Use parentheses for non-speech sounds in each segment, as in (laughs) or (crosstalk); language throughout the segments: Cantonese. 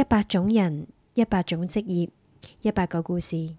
一百種人，一百種職業，一百個故事。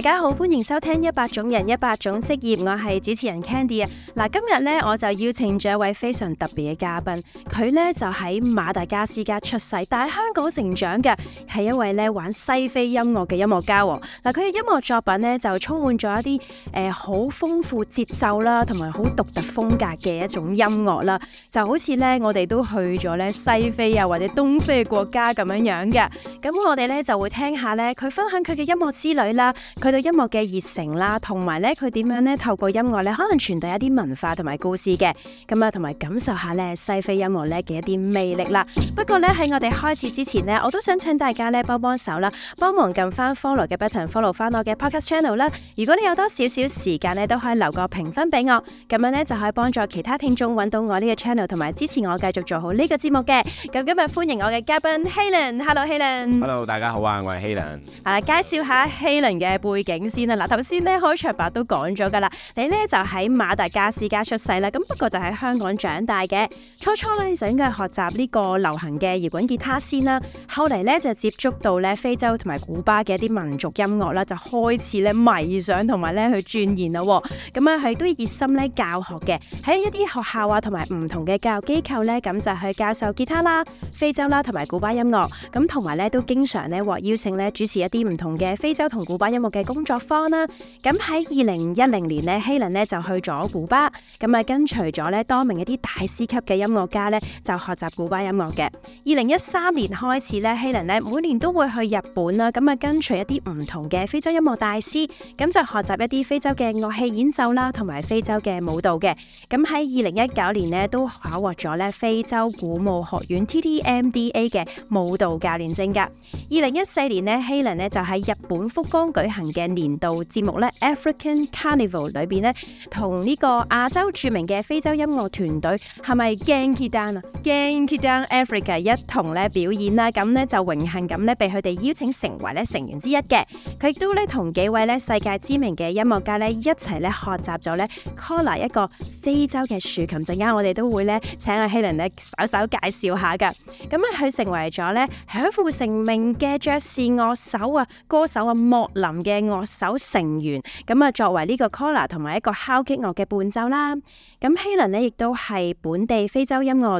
大家好，歡迎收聽《一百種人，一百種職業》，我係主持人 Candy 啊。嗱，今日咧我就邀請咗一位非常特別嘅嘉賓。佢咧就喺馬達加斯加出世，但喺香港成長嘅係一位咧玩西非音樂嘅音樂家王。嗱，佢嘅音樂作品咧就充滿咗一啲誒好豐富節奏啦，同埋好獨特風格嘅一種音樂啦。就好似咧我哋都去咗咧西非啊或者東非嘅國家咁樣樣嘅。咁我哋咧就會聽下咧佢分享佢嘅音樂之旅啦，佢對音樂嘅熱誠啦，同埋咧佢點樣咧透過音樂咧可能傳遞一啲文化同埋故事嘅。咁啊，同埋感受下咧西非音樂。嘅一啲魅力啦。不過呢，喺我哋開始之前呢，我都想請大家呢幫幫手啦，幫忙撳翻 follow 嘅 button，follow 翻我嘅 podcast channel 啦。如果你有多少少時間呢，都可以留個評分俾我，咁樣呢就可以幫助其他聽眾揾到我呢個 channel 同埋支持我繼續做好呢個節目嘅。咁今日歡迎我嘅嘉賓 Halen，Hello Halen，Hello 大家好啊，我係 Halen。啊，介紹下 Halen 嘅背景先啊。嗱，頭先呢，開場白都講咗㗎啦，你呢就喺馬達加斯加出世啦，咁不過就喺香港長大嘅，初初呢。就應該學習呢個流行嘅搖滾結他先啦。後嚟咧就接觸到咧非洲同埋古巴嘅一啲民族音樂啦，就開始咧迷上同埋咧去鑽研咯喔。咁啊，係都熱心咧教學嘅喺一啲學校啊，同埋唔同嘅教育機構咧，咁就去教授結他啦、非洲啦同埋古巴音樂。咁同埋咧都經常咧獲邀請咧主持一啲唔同嘅非洲同古巴音樂嘅工作坊啦啊。咁喺二零一零年呢，希倫呢就去咗古巴，咁啊跟隨咗咧多名一啲大師級嘅音樂家咧。就學習古巴音樂嘅。二零一三年開始咧，希倫咧每年都會去日本啦。咁啊，跟隨一啲唔同嘅非洲音樂大師，咁就學習一啲非洲嘅樂器演奏啦，同埋非洲嘅舞蹈嘅。咁喺二零一九年咧，都考獲咗咧非洲鼓舞學院 （TTMDA） 嘅舞蹈教練證噶。二零一四年咧，希倫咧就喺日本福岡舉行嘅年度節目咧，African Carnival 裏邊咧，同呢個亞洲著名嘅非洲音樂團隊係咪 Gekidan 跟 Gekidan Africa 一同咧表演啦，咁咧就榮幸咁咧被佢哋邀請成為咧成員之一嘅。佢亦都咧同幾位咧世界知名嘅音樂家咧一齊咧學習咗咧 Kora 一個非洲嘅豎琴。陣間我哋都會咧請阿希倫咧稍稍介紹下噶。咁咧佢成為咗咧享負盛名嘅爵士樂手啊，歌手啊莫琳嘅樂手成員。咁啊作為呢個 Kora 同埋一個敲擊樂嘅伴奏啦。咁希倫咧亦都係本地非洲音樂。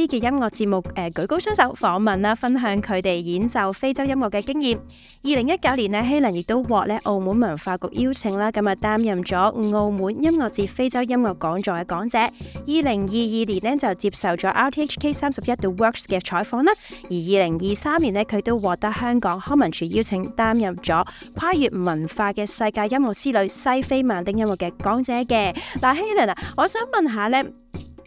呢個音樂節目誒、呃，舉高雙手訪問啦，分享佢哋演奏非洲音樂嘅經驗。二零一九年咧，希 (noise) 林亦都獲咧澳門文化局邀請啦，咁啊擔任咗澳門音樂節非洲音樂講座嘅講者。二零二二年咧就接受咗 RTHK 三十一 The Works 嘅採訪啦。而二零二三年咧，佢都獲得香港康文署邀請擔任咗跨越文化嘅世界音樂之旅西非曼丁音樂嘅講者嘅。嗱，希林啊，我想問下呢。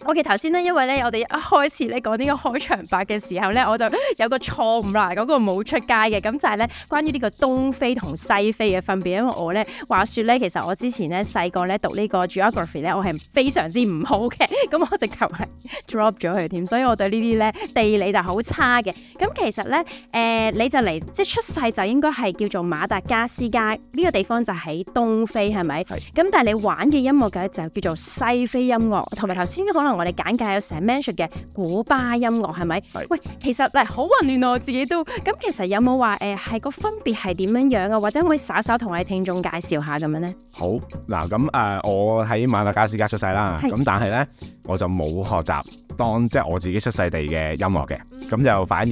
我嘅頭先咧，因為咧，我哋一開始咧講呢個開場白嘅時候咧，我就有個錯誤啦，嗰、那個冇出街嘅。咁就係咧，關於呢個東非同西非嘅分別。因為我咧話說咧，其實我之前咧細個咧讀呢個 geography 咧，我係非常之唔好嘅，咁我直頭係 drop 咗佢添，所以我對呢啲咧地理就好差嘅。咁其實咧，誒、呃，你就嚟即係出世就應該係叫做馬達加斯加呢、這個地方就喺東非係咪？係。咁是但係你玩嘅音樂嘅就叫做西非音樂，同埋頭先可能。同我哋簡介有成 mention 嘅古巴音樂係咪？喂，其實嗱好混亂啊，我自己都咁其實有冇話誒係個分別係點樣樣啊？或者可唔可以稍稍同我哋聽眾介紹下咁樣咧？好嗱，咁誒我喺馬達加斯加出世啦，咁但係咧我就冇學習當即係我自己出世地嘅音樂嘅，咁就反而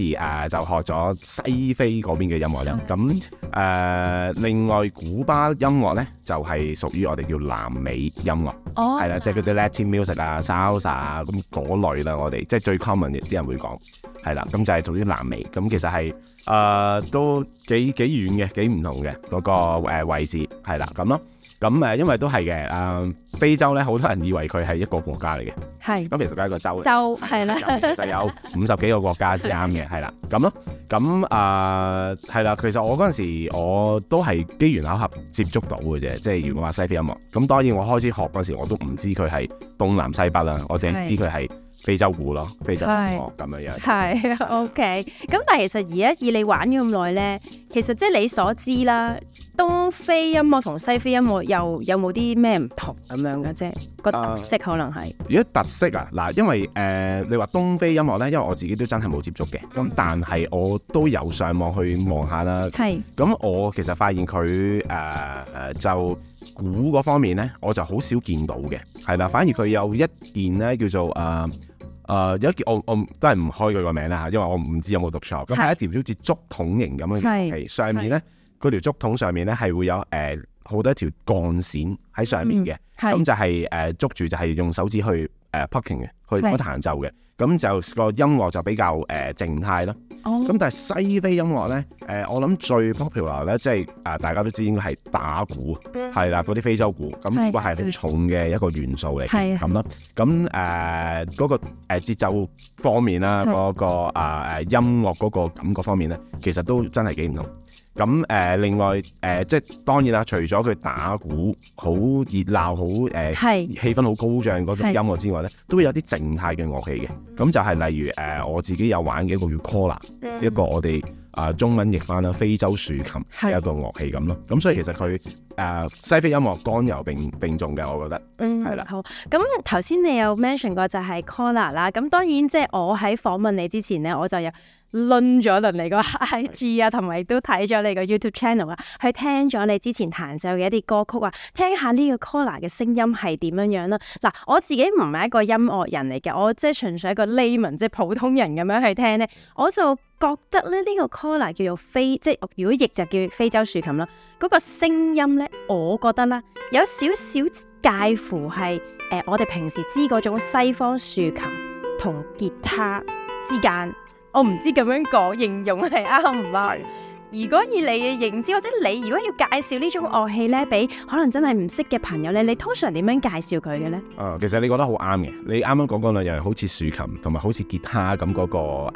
誒就學咗西非嗰邊嘅音樂啦。咁誒另外古巴音樂咧就係屬於我哋叫南美音樂，係啦，即係嗰啲 Latin music 啊、salsa。啊，咁嗰類啦，我哋即係最 common 嘅，啲人會講係啦，咁就係屬於南美，咁其實係誒、呃、都幾幾遠嘅，幾唔同嘅嗰、那個位置係啦，咁咯。咁誒、嗯，因為都係嘅，誒、呃、非洲咧，好多人以為佢係一個國家嚟嘅，係是。咁其實係一個州，州係啦。 (laughs) 其實有五十幾個國家先啱嘅，係啦的，咁咯的。咁誒係啦，其實我嗰陣時我都係機緣巧合接觸到嘅啫，即係如果話西非音樂。咁當然我開始學嗰時我都唔知佢係東南西北啦，我凈係知佢係非洲鼓咯的，非洲音樂咁樣樣。係，OK。咁但係其實而家以你玩咗咁耐咧，其實即係你所知啦。東非音樂同西非音樂又有冇啲咩唔同咁樣嘅啫？個特色可能係、呃、如果特色啊嗱，因為誒、呃、你話東非音樂咧，因為我自己都真係冇接觸嘅，咁但係我都有上網去望下啦。係咁是，我其實發現佢誒誒就鼓嗰方面咧，我就好少見到嘅。係啦，反而佢有一件咧叫做誒誒、呃呃、有一件我我都係唔開佢個名啦吓，因為我唔知有冇讀錯。咁係是一條好似竹筒形咁嘅皮，是上面咧。嗰條竹筒上面咧係會有誒好、呃、多一條鋼線喺上面嘅，咁、嗯、就係、是、誒、呃、捉住就係用手指去誒 poking 嘅，呃、是去彈奏嘅，咁就、那個音樂就比較誒、呃、靜態咯。咁、哦、但係西非音樂咧，誒、呃、我諗最 popular 咧、就是，即係啊大家都知道應該係打鼓，係啦嗰啲非洲鼓，咁話係重嘅一個元素嚟，咁咯的。咁誒嗰個誒節奏方面啦，嗰、那個啊誒、那個、音樂嗰個感覺方面咧，其實都真係幾唔同。咁誒、呃、另外誒、呃、即係當然啦，除咗佢打鼓好熱鬧好誒、呃、係氣氛好高漲嗰種音樂之外咧，係都會有啲靜態嘅樂器嘅，咁就係例如誒、呃、我自己有玩嘅一個叫 Kora、嗯、一個我哋。啊、呃，中文譯翻啦，非洲豎琴是的 一個樂器咁咯，咁、嗯、所以其實佢誒、呃、西非音樂剛柔並並重嘅，我覺得，嗯，係啦，好。咁頭先你有 mention 過就係 Kora 啦，咁當然即係我喺訪問你之前咧，我就有輪咗一輪你個 IG 啊的，同埋都睇咗你個 YouTube channel 啊，去聽咗你之前彈奏嘅一啲歌曲啊，聽下呢個 Kora 嘅聲音係點樣樣啦。嗱，我自己唔係一個音樂人嚟嘅，我即係純粹一個 layman，即係普通人咁樣去聽咧，我就。覺得咧呢、這個 kora 叫做非，即係如果譯就叫非洲豎琴啦。嗰、那個聲音呢，我覺得啦，有少少介乎係誒、呃，我哋平時知嗰種西方豎琴同吉他之間，我唔知咁樣講形容係啱唔啱。如果以你嘅認知，或者你如果要介紹呢種樂器咧，俾可能真係唔識嘅朋友咧，你通常點樣介紹佢嘅咧？誒，其實你覺得好啱嘅。你啱啱講嗰兩樣，好似豎琴同埋好似吉他咁嗰個誒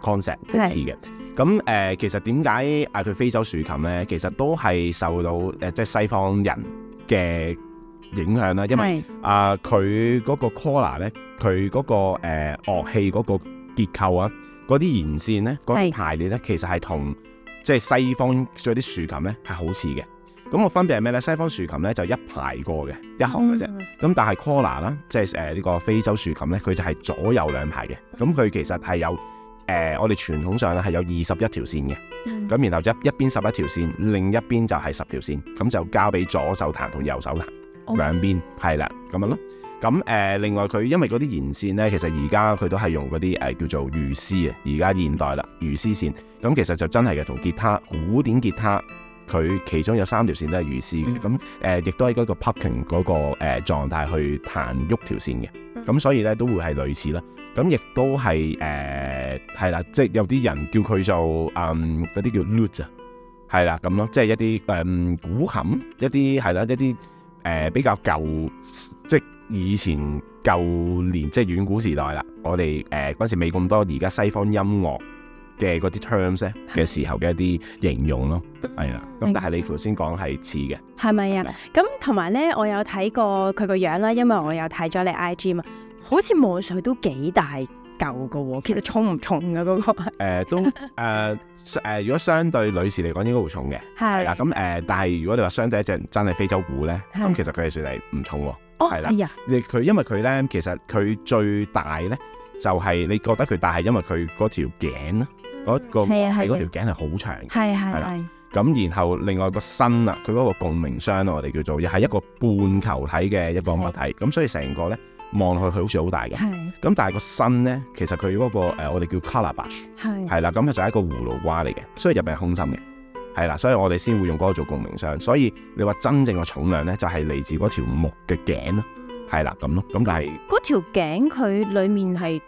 concept 係嘅。咁誒，其實點解嗌佢非洲豎琴咧？其實都係受到誒即係西方人嘅影響啦。因為啊，佢嗰個 Kora 咧，佢嗰個誒樂器嗰個結構啊，嗰啲弦線咧，嗰啲排列咧，其實係同，即係西方咗啲豎琴咧係好似嘅，咁我分別係咩咧？西方豎琴咧就一排過嘅，一行嘅啫。咁、嗯、但係 Kora 啦，即係誒呢個非洲豎琴咧，佢就係左右兩排嘅，咁佢其實係有誒、呃、我哋傳統上咧係有二十一條線嘅，咁、嗯、然後一一邊十一條線，另一邊就係十條線，咁就交俾左手彈同右手彈、哦、兩邊，係啦，咁樣咯。咁誒、呃，另外佢因為嗰啲弦線咧，其實而家佢都係用嗰啲誒叫做魚絲啊，而家現代啦魚絲線，咁其實就真係嘅，同吉他、古典吉他佢其中有三條線都係魚絲嘅，咁誒、呃、亦都喺嗰個 picking 嗰、嗰個誒狀態去彈喐條線嘅，咁所以咧都會係類似啦，咁亦都係誒係啦，即係有啲人叫佢做嗯嗰啲叫 lute 啊，係啦咁咯，即係一啲誒、呃、古琴一啲係啦，啦，啦，啦一啲誒、呃、比，比較舊。以前舊年即係遠古時代啦，我哋誒嗰陣時未咁多，而家西方音樂嘅嗰啲 terms 嘅時候嘅一啲形容咯，係啊。咁但係你頭先講係似嘅，係咪啊？咁同埋咧，我有睇過佢個樣啦，因為我有睇咗你 IG 啊，好似摸上去都幾大嚿噶喎。其實重唔重噶嗰個？誒都誒誒，如果相對女士嚟講，應該會重嘅。係啦，咁誒，但係如果你話相對一隻真係非洲虎咧，咁其實佢哋算係唔重。係啦，你佢、哦啊、因為佢咧，其實佢最大咧就係、是、你覺得佢大係因為佢嗰條頸咯，嗰個係嗰、啊啊、條頸係好長，係係係啦。咁、啊啊、然後另外個身啊，佢嗰個共鳴箱我哋叫做又係一個半球體嘅一個物體，咁、啊、所以成個咧望落去佢好似好大嘅，咁、啊、但係個身咧其實佢嗰、那個、呃、我哋叫 calabash 係啦，咁、啊、就係一個葫蘆瓜嚟嘅，所以入邊係空心嘅。係啦，所以我哋先會用嗰個做共鳴箱，所以你話真正嘅重量咧，就係、是、嚟自嗰條木嘅頸咯，係啦咁咯。咁但係嗰條頸佢裏面係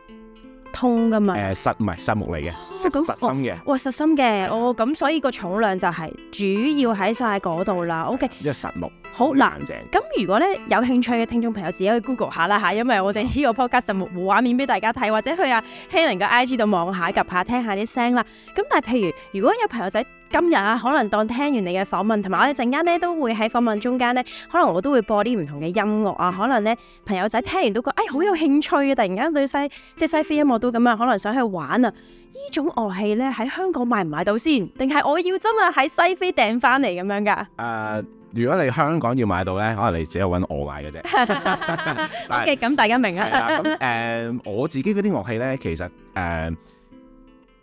通噶嘛？誒、呃，實唔係實木嚟嘅，實心嘅。哇，實心嘅哦，咁所以個重量就係主要喺晒嗰度啦。O K，一實木好難淨。咁如果咧有興趣嘅聽眾朋友，自己去 Google 下啦吓，因為我哋呢個 podcast 就冇畫面俾大家睇，或者去阿希 e l 嘅 I G 度望下、及下、聽下啲聲啦。咁但係譬如如果有朋友仔。今日啊，可能當聽完你嘅訪問，同埋我哋陣間咧都會喺訪問中間咧，可能我都會播啲唔同嘅音樂啊。可能咧朋友仔聽完都覺得，哎，好有興趣啊！突然間對西即西非音樂都咁樣，可能想去玩啊！呢種樂器咧喺香港買唔買到先？定係我要真係喺西非訂翻嚟咁樣噶？誒、呃，如果你香港要買到咧，可能你只有揾我買嘅啫。Okay，咁大家明啊？咁 (laughs) 誒、呃，我自己嗰啲樂器咧，其實誒。呃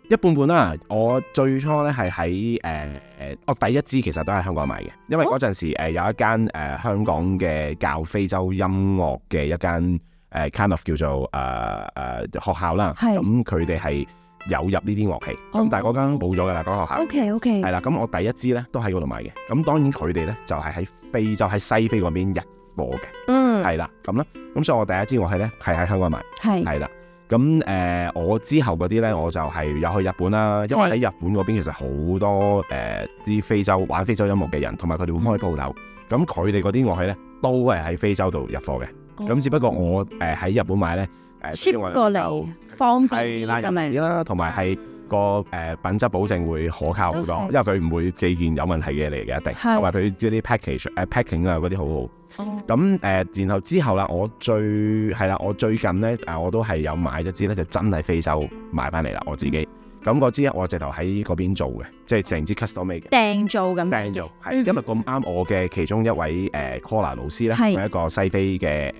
一半半啦，我最初咧係喺誒，我第一支其實都喺香港買嘅，因為嗰陣時有一間誒、哦呃、香港嘅教非洲音樂嘅一間誒 kind of 叫做誒誒學校啦，咁佢哋係有入呢啲樂器，但係嗰間冇咗㗎喇，嗰間學校。O K O K，係啦，咁我第一支咧都喺嗰度買嘅，咁當然佢哋咧就係喺非洲喺西非嗰邊入貨嘅，嗯，係啦，咁啦，咁所以我第一支樂器咧係喺香港買，係係啦。係。咁誒、呃，我之後嗰啲咧，我就係有去日本啦，因為喺日本嗰邊其實好多誒啲、呃、非洲玩非洲音樂嘅人，同埋佢哋會開鋪頭。咁佢哋嗰啲樂器咧，都係喺非洲度入貨嘅。咁、哦、只不過我誒喺日本買咧，誒、呃、ship 過嚟方便啲咁樣啦，同埋係。個誒、uh, 品質保證會可靠好多，因為佢唔會寄件有問題嘅嚟嘅，一定，同埋佢一啲 package 誒 packing 啊，嗰啲好好。咁誒，uh, 然後之後啦，我最係啦，我最近咧誒、啊，我都係有買咗支咧，就是、真係非洲買翻嚟啦，我自己。咁嗰支我直頭喺嗰邊做嘅，即係成支 custom made。訂做咁。訂做係，嗯、因為咁啱我嘅其中一位誒 Kora、uh, 老師咧，係是一個西非嘅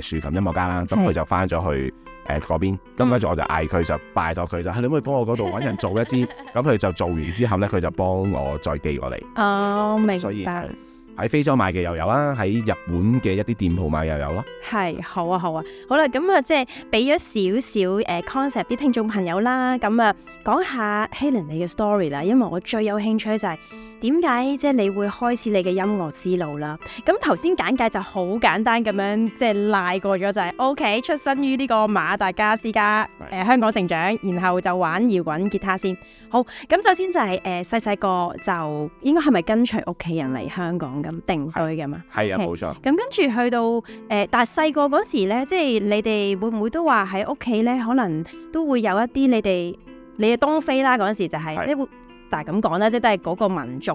誒豎琴音樂家啦，咁佢是就翻咗去。誒嗰邊，咁跟住我就嗌佢就拜託佢就，係、嗯、你可唔可以幫我嗰度揾人做一支？咁佢 (laughs) 就做完之後咧，佢就幫我再寄過嚟。哦、oh, 嗯，明白。喺非洲買嘅又有啦，喺日本嘅一啲店鋪買又有咯。係，好啊，好啊，好啦，咁啊，即係俾咗少少誒 concept 俾聽眾朋友啦，咁啊，講下 Helen 你嘅 story 啦，因為我最有興趣就係。點解即係你會開始你嘅音樂之路啦？咁頭先簡介就好簡單咁樣，即係瀨過咗就係 OK，出身於呢個馬達加斯加誒的、呃、香港成長，然後就玩搖滾吉他先。好咁，首先就係誒細細個就應該係咪跟隨屋企人嚟香港咁定居噶嘛？係啊，冇錯。咁 Okay, 錯跟住去到誒、呃，但係細個嗰時咧，即係你哋會唔會都話喺屋企咧，可能都會有一啲你哋你嘅東非啦嗰時就係、是、咧。的但係咁講咧，即係都係嗰個民族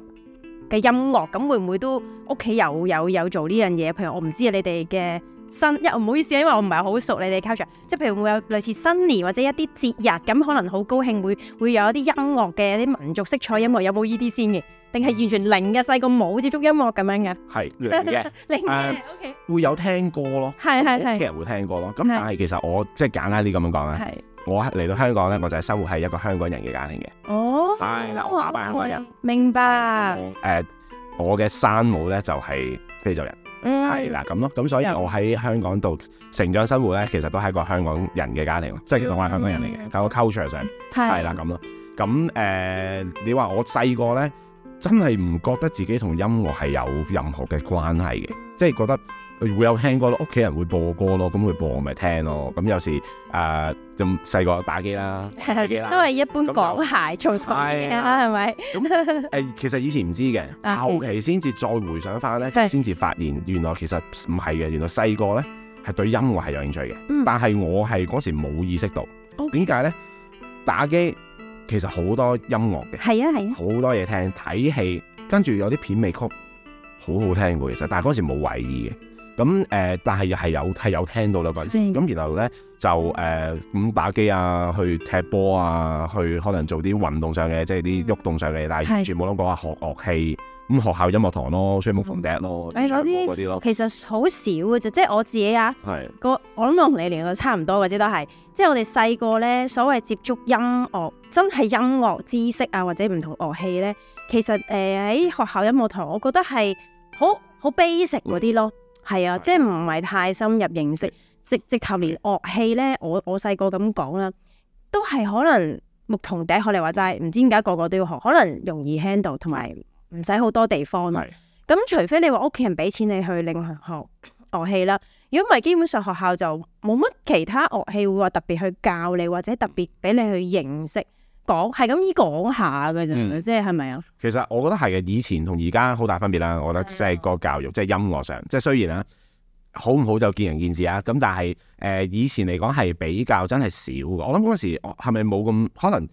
嘅音樂，咁會唔會都屋企有有有做呢樣嘢？譬如我唔知你哋嘅新一，唔好意思，因為我唔係好熟你哋 culture，即係譬如會有類似新年或者一啲節日，咁可能好高興會會有一啲音樂嘅啲民族色彩音樂，有冇依啲先嘅？定係完全零嘅，細個冇接觸音樂咁樣嘅？係零嘅，零嘅，會有聽歌咯，係係係屋企人會聽歌咯。咁但係其實我即係是是 簡單啲咁樣講啦。是是我嚟到香港咧，我就係生活係一個香港人嘅家庭嘅。哦，係啦，我香港人，明白。誒，我嘅生母咧就係非洲人，係啦咁咯。咁所以我喺香港度成長生活咧，其實都係一個香港人嘅家庭，嗯、即係其實我係香港人嚟嘅。咁、嗯、個 culture 上係啦咁咯。咁誒的、呃，你話我細個咧，真係唔覺得自己同音樂係有任何嘅關係嘅，即係覺得。會有聽歌咯，屋企人會播歌咯，咁佢播咪聽咯。咁有時誒、呃，就細個打機啦，啦都係一般港孩做嘅嘢啦，係咪、哎呀？咁誒吧、呃，其實以前唔知嘅，後期先至再回想翻咧，先至的發現原來其實唔係嘅。原來細個咧係對音樂係有興趣嘅，嗯、但係我係嗰時冇意識到點解咧？打機其實好多音樂嘅，係啊係啊，好、啊、多嘢聽睇戲，跟住有啲片尾曲好好聽嘅。其實但係嗰時冇為意嘅。咁誒、嗯，但係又係有係有聽到啦咁。咁是的 然後咧就誒咁、呃、打機啊，去踢波啊，去可能做啲運動上嘅，即係啲喐動上嘅。但係完全冇諗過話學樂器咁、嗯，學校音樂堂咯，吹牧童笛咯，嗰啲嗰啲咯，其實好少嘅就即係我自己啊。係個是的 我諗，我同你年齡差唔多嘅啫，都係即係我哋細個咧，所謂接觸音樂真係音樂知識啊，或者唔同樂器咧，其實誒喺學校音樂堂，我覺得係好好 basic 嗰啲咯。係啊，即係唔係太深入認識，直直頭連樂器咧，我我細個咁講啦，都係可能牧童笛學嚟話齋，唔知點解個個都要學，可能容易 handle 同埋唔使好多地方咁的除非你話屋企人俾錢你去另外學樂器啦，如果唔係，基本上學校就冇乜其他樂器會話特別去教你或者特別俾你去認識。講係咁依講下嘅啫，即係係咪啊？嗯，其實我覺得係嘅，以前同而家好大分別啦。我覺得即係個教育，即係音樂上，即係雖然啦，好唔好就見仁見智啊。咁但係誒、呃，以前嚟講係比較真係少嘅。我諗嗰時係咪冇咁可能？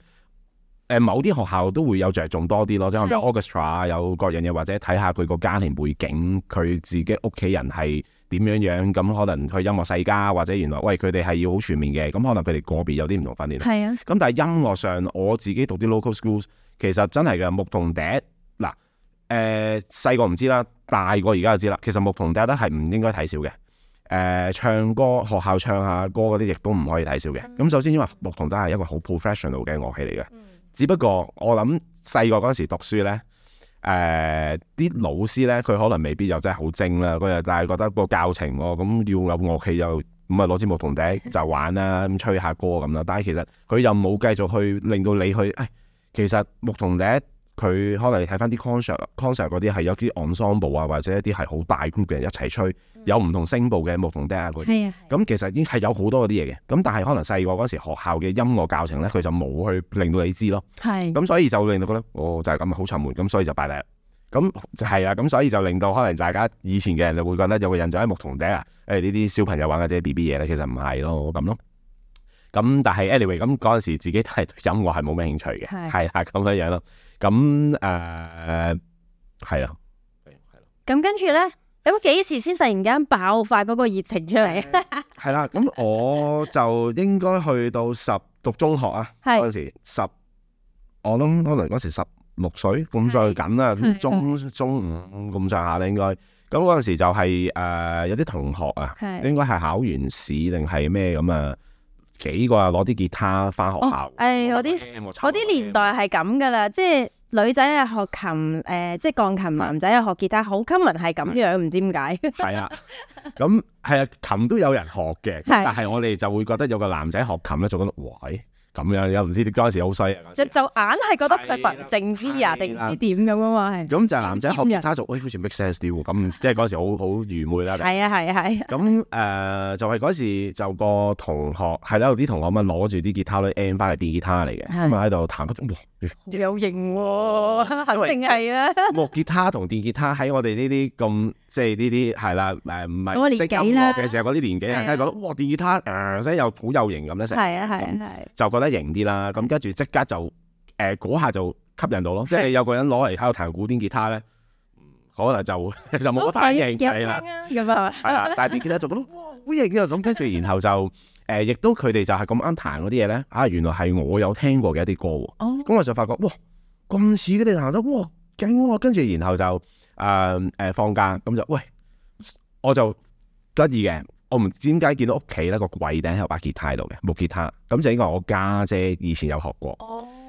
誒，某啲學校都會有着重多啲咯，即係可能 orchestra 啊， (noise) 有各樣嘢，或者睇下佢個家庭背景，佢自己屋企人係。點樣樣咁可能去音樂世家，或者原來喂，佢哋係要好全面嘅。咁可能佢哋個別有啲唔同訓練。係啊，咁但係音樂上我自己讀啲 local schools，其實真係嘅牧童笛嗱，誒細個唔知啦，大個而家就知啦。其實牧童笛都係唔應該睇少嘅。誒、呃，唱歌學校唱下歌嗰啲亦都唔可以睇少嘅。咁首先因為牧童笛係一個好 professional 嘅樂器嚟嘅，只不過我諗細個嗰時讀書咧。誒啲、呃、老師咧，佢可能未必又真係好精啦。佢又但係覺得個教程喎，咁要有樂器又唔係攞支牧童笛就玩啦，咁吹下歌咁啦。但係其實佢又冇繼續去令到你去，誒，其實牧童笛。佢可能睇翻啲 concert，concert 嗰啲係有啲 ensemble 啊，或者一啲係好大 group 嘅人一齊吹，有唔同聲部嘅牧童笛啊嗰啲。咁的其實已經係有好多嗰啲嘢嘅。咁但係可能細個嗰時學校嘅音樂教程咧，佢就冇去令到你知咯。咁的所以就令到覺得，哦，就係咁啊，好沉悶，咁所以就拜拜啦。咁係啊，咁、就是、所以就令到可能大家以前嘅人就會覺得有個印象喺牧童笛啊，誒呢啲小朋友玩嘅啫 B B 嘢咧，其實唔係咯咁咯。咁但係 anyway，咁嗰陣時自己都係對音樂係冇咩興趣嘅，係啦，咁樣樣咯。的咁誒，係啊，係咯。咁 (noise) 跟住咧，咁幾時先突然間爆發嗰個熱情出嚟，嗯？係啦，咁我就應該去到十讀中學啊，嗰陣時十，我諗可能嗰時十六歲，咁去緊啦，中中五咁上下咧應該。咁嗰陣時就係、是、誒、呃，有啲同學啊，應該係考完試定係咩咁啊？幾個啊攞啲吉他返學校，誒啲啲年代係咁㗎喇，即係女仔係學琴誒，即係、嗯、鋼琴，男仔係學吉他，好 common 係咁樣，唔、嗯、知點解。係啊，咁係啊，琴都有人學嘅。 (laughs) 但係我哋就會覺得有個男仔學琴咧，做緊壞。咁樣又唔知啲嗰陣時好細、啊，就就硬係覺得佢白靜啲啊，定唔知點咁啊嘛係。咁的的就男仔學吉他做，誒好似 make sense 啲、嗯、喎。咁即係嗰陣時好好愚昧啦。係啊係啊係。咁誒、呃、就係、係、嗰時就個同學係啦，有啲同學咁啊攞住啲吉他咧，彈翻嚟電吉他嚟嘅，咁啊喺度彈嗰種。呃有型喎，肯定係啦。木吉他同電吉他喺我哋呢啲咁，即係呢啲係啦，誒唔係嗰年紀啦嘅時候，嗰啲年紀梗係覺得哇電吉他誒真係又好有型咁咧，成係啊係啊係，就覺得型啲啦。咁跟住即刻就誒嗰下就吸引到咯，即係有個人攞嚟喺度彈古典吉他咧，可能就就冇咁太型係啦，咁係嘛，係啦，但係電吉他就覺得哇好型啊咁，跟住然後就。誒，亦都佢哋就係咁啱彈嗰啲嘢咧，嚇、啊，原來係我有聽過嘅一啲歌喎。咁、oh. 我就發覺，哇，咁似嘅你彈得，哇，勁喎、啊！跟住然後就誒誒、呃呃、放假，咁就喂，我就得意嘅，我唔知點解見到屋企咧個櫃頂喺有把吉他度嘅木吉他，咁就應該我家姐，姐以前有學過。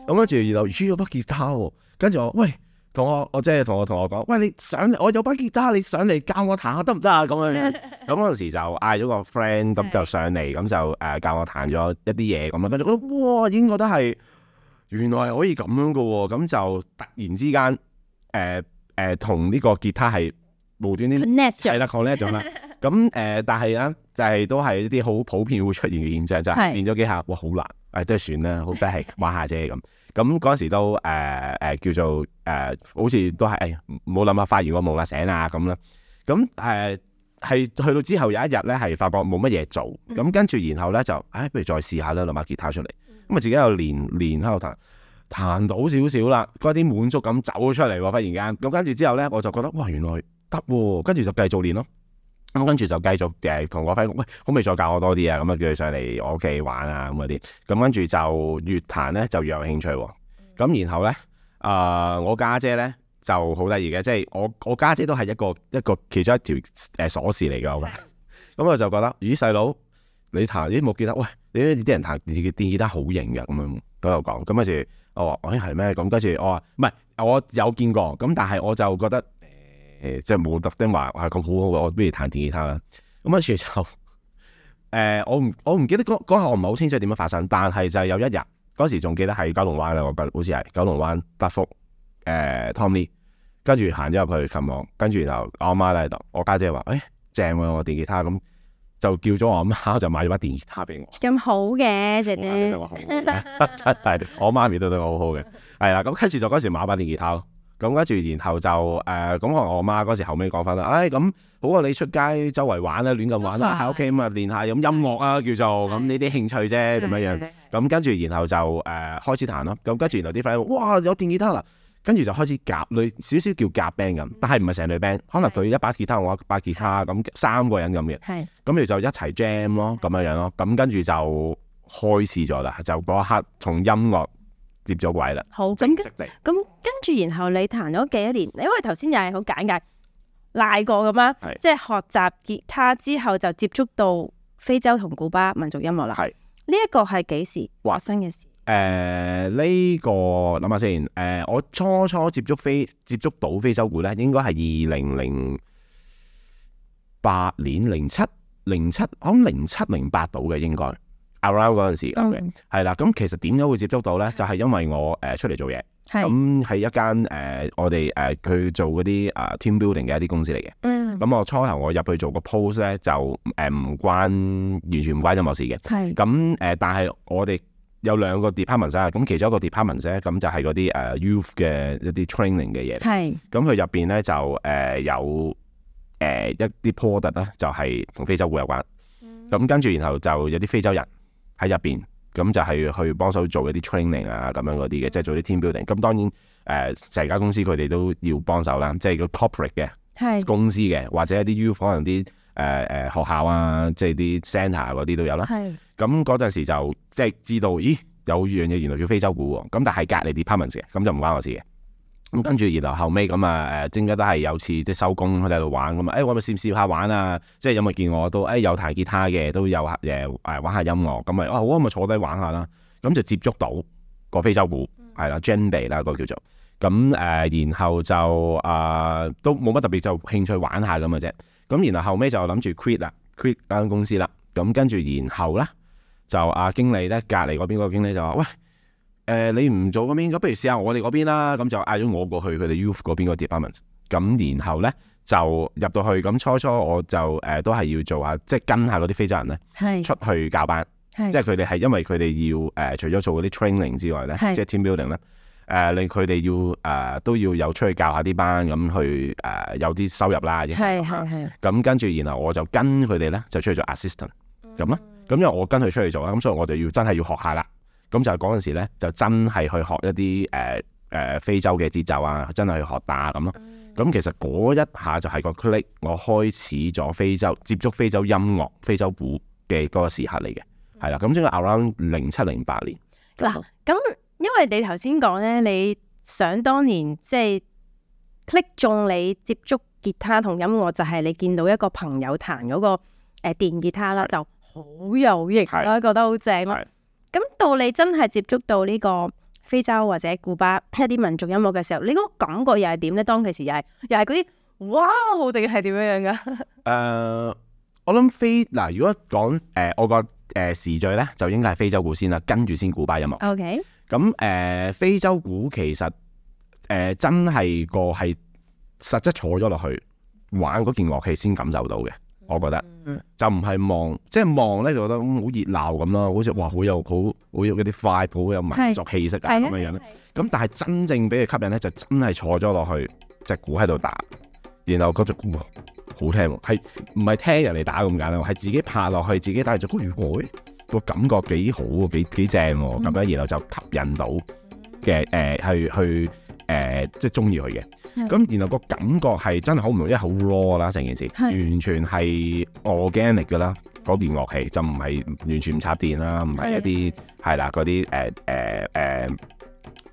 咁跟住然後咦有把吉他喎、啊，跟住我喂。同我，我即係同我同我講，喂，你上嚟，我有把吉他，你上嚟教我彈下得唔得啊？咁、啊、樣咁嗰陣時就嗌咗個 friend，咁就上嚟，咁就誒、呃、教我彈咗一啲嘢，咁啊，跟住覺得哇，已經覺得係原來可以咁樣噶，咁就突然之間誒誒，同、呃、呢、呃、個吉他係無端端係啦，講呢一種啦。咁誒、呃，但係咧就係、是、都係一啲好普遍會出現嘅現象，就係練咗幾下，哇，好難，誒、哎，都係算啦，好快係玩下啫咁。咁嗰陣時都誒誒、呃呃、叫做誒、呃，好似都係冇諗下，哎、發完個夢啦，醒啊咁啦。咁誒係去到之後有一日咧，係發覺冇乜嘢做。咁跟住然後咧就，哎，不如再試，試下啦，攞把結他出嚟。咁啊自己又練練喺度彈，彈到少少啦，嗰啲滿足感走咗出嚟喎，忽然間。咁跟住之後咧，我就覺得哇，原來得喎、啊，跟住就繼續練咯。咁跟住就繼續誒同我輝講，喂，可唔可以再教我多啲啊？咁啊，叫佢上嚟我屋企玩啊咁嗰啲。咁跟住就越彈咧就越有興趣。咁然後咧，誒、呃、我家姐咧就好得意嘅，即係我我家姐,姐都係一個一個其中一條誒鎖匙嚟㗎。我、嗯、咁、嗯、我就覺得，咦細佬你彈，咦冇記得？喂，你啲人彈啲電得好型嘅？咁樣都有講。咁跟住我話，誒係咩？咁跟住我話，唔係我有見過。咁但係我就覺得。誒，即係冇特登話係咁好，好，嘅，我不如彈電吉他啦。咁跟住就，誒、欸，我唔，我唔記得嗰下我唔係好清楚點樣發生，但係就係有一日，嗰時仲記得喺九龍灣啦，我覺得，好似係九龍灣德福，誒、欸、Tom Lee，跟住行咗入去琴行，跟住然後我阿媽咧喺度，我家姐話誒、欸，正喎、啊、我電吉他，咁、嗯、就叫咗我阿媽就買咗把電吉他俾我。咁好嘅，姐姐，係 (laughs) 我媽咪都對我好好嘅，係啦，咁跟住就嗰時買把電吉他咯。咁跟住，然後就誒，咁、呃、可能我媽嗰時後尾講翻啦，唉、哎，咁好過你出街周圍玩啦，亂咁玩啦，喺屋企咁啊練、okay，下咁音樂啊，叫做咁呢啲興趣啫，咁樣樣。咁跟住，然後就誒開始彈咯。咁跟住，然後啲 friend 話：哇，有電吉他啦！跟住就開始夾類少少叫夾 band 咁，但係唔係成隊 band。可能佢一把吉他，我一把吉他，咁三個人咁嘅。咁 (laughs) 然後就一齊 jam 咯，咁樣樣咯。咁跟住就開始咗啦。就嗰一刻從音樂。接咗位啦，好咁跟咁跟住，然後你彈咗幾多年？因為頭先又係好簡介，賴過咁啊，即係學習吉他之後就接觸到非洲同古巴民族音樂啦。係呢一個係幾時發生嘅事？誒，呢個諗下先。誒，我初初接觸非接觸到非洲鼓咧，應該係二零零八年零七零七，我諗零七零八到嘅應該。around 嗰時咁嘅，係啦，咁其實點解會接觸到咧？就係、是、因為我誒、呃、出嚟做嘢，咁喺是一間誒、呃、我哋誒佢做嗰啲誒 team building 嘅一啲公司嚟嘅。嗯，咁我初頭我入去做個 post 咧，就誒唔、呃、關完全唔關任何事嘅。係是，咁誒、呃，但係我哋有兩個 department 啊，咁其中一個 department 咧，咁、呃、就係嗰啲誒 youth 嘅一啲 training 嘅嘢。係是，咁佢入邊咧就誒有誒一啲 product 咧，就係同、呃呃、非洲戶有關。咁跟住然後就有啲非洲人。喺入邊咁就係去幫手做一啲 training 啊咁樣嗰啲嘅，即係做啲 team building。咁當然誒成間公司佢哋都要幫手啦，即係個 corporate 嘅公司嘅，或者一啲 U 可能啲誒誒學校啊，即係啲 centre 嗰啲都有啦。咁嗰陣時就即係知道，咦有樣嘢原來叫非洲鼓喎。咁但係隔離 department 嘅，咁就唔關我事嘅。咁跟住，然後後尾咁啊誒，依家都係有次即係收工去第度玩咁啊！誒，我咪試試下玩啊？即係有咪見我都誒有彈吉他嘅，都有誒誒玩下音樂咁咪哦，好、嗯、啊，咪坐低玩下啦！咁就接觸到個非洲鼓係啦 Djembe 啦個叫做咁誒、嗯，然後就啊、呃、都冇乜特別，就興趣玩下咁嘅啫。咁然後後尾就諗住 quit 啦，quit 間公司啦。咁跟住，然後咧就阿、啊、經理咧隔離嗰邊個經理就話：喂！誒、呃，你唔做嗰邊，咁不如試下我哋嗰邊啦。咁就嗌咗我過去佢哋 UFO 嗰邊個 department。咁然後咧就入到去，咁初初我就誒、呃、都係要做下，即係跟下嗰啲非洲人咧，出去教班。是即係佢哋係因為佢哋要誒、呃，除咗做嗰啲 training 之外咧，是即係 team building 咧、呃，誒令佢哋要誒、呃、都要有出去教下啲班，咁去誒、呃、有啲收入啦。係。咁跟住，然後我就跟佢哋咧，就出去做 assistant 咁啦。咁因為我跟佢出去做，咁所以我就要真係要學下啦。咁就係嗰陣時咧，就真係去學一啲誒誒非洲嘅節奏啊，真係去學打咁咯。咁其實嗰一下就係個 click，我開始咗非洲接觸非洲音樂、非洲鼓嘅嗰個時刻嚟嘅，係啦。咁即係 around 零七零八年嗱。咁、嗯啊、因為你頭先講咧，你想當年即係、就是、click 中你接觸吉他同音樂，就係、是、你見到一個朋友彈嗰個誒電吉他啦，的就好有型啦，的覺得好正啦。咁到你真係接觸到呢個非洲或者古巴一啲民族音樂嘅時候，你個感覺又係點咧？當其時又係又係嗰啲，哇！好定係點樣樣噶？誒 (laughs) 、呃，我諗非嗱、呃，如果講誒、呃、我個誒時序咧，就應該係非洲鼓先啦，跟住先古巴音樂。OK。咁誒，非洲鼓其實誒、呃、真係個係實質坐咗落去玩嗰件樂器先感受到嘅。我覺得就唔係望，即係望咧，就覺得好熱鬧咁咯，好似哇好有好，好有嗰啲快，好有民族氣息啊咁嘅樣。咁的但係真正俾佢吸引咧，就真係坐咗落去隻鼓喺度打，然後嗰隻鼓好聽喎、啊，係唔係聽人哋打咁簡單？係自己拍落去，自己打就嗰、啊、樣，個感覺幾好喎，幾正喎。咁樣然後就吸引到嘅誒、呃，去去。誒、呃、即係中意佢嘅，咁是的 然後個感覺係真係好唔容一，好 raw 啦成件事，是的 完全係 organic 㗎啦，嗰邊樂器就唔係完全唔插電啦，唔係一啲係啦，嗰啲誒誒誒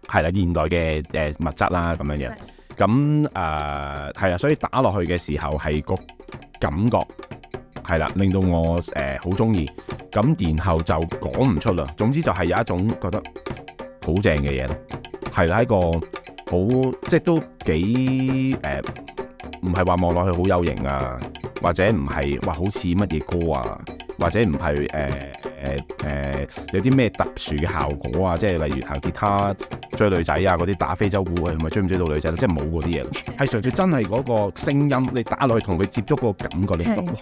係啦現代嘅誒物質啦咁樣樣，咁誒係啊，所以打落去嘅時候係個感覺係啦，令到我誒好中意，咁、呃、然後就講唔出啦，總之就係有一種覺得好正嘅嘢，係啦一個。好，即係都幾誒。呃唔係話望落去好有型啊，或者唔係話好似乜嘢歌啊，或者唔係誒誒誒有啲咩特殊嘅效果啊，即係例如彈吉他追女仔啊嗰啲，打非洲鼓係咪追唔追到女仔，即係冇嗰啲嘢，係純粹真係嗰個聲音，你打落去同佢接觸個感覺你覺得哇，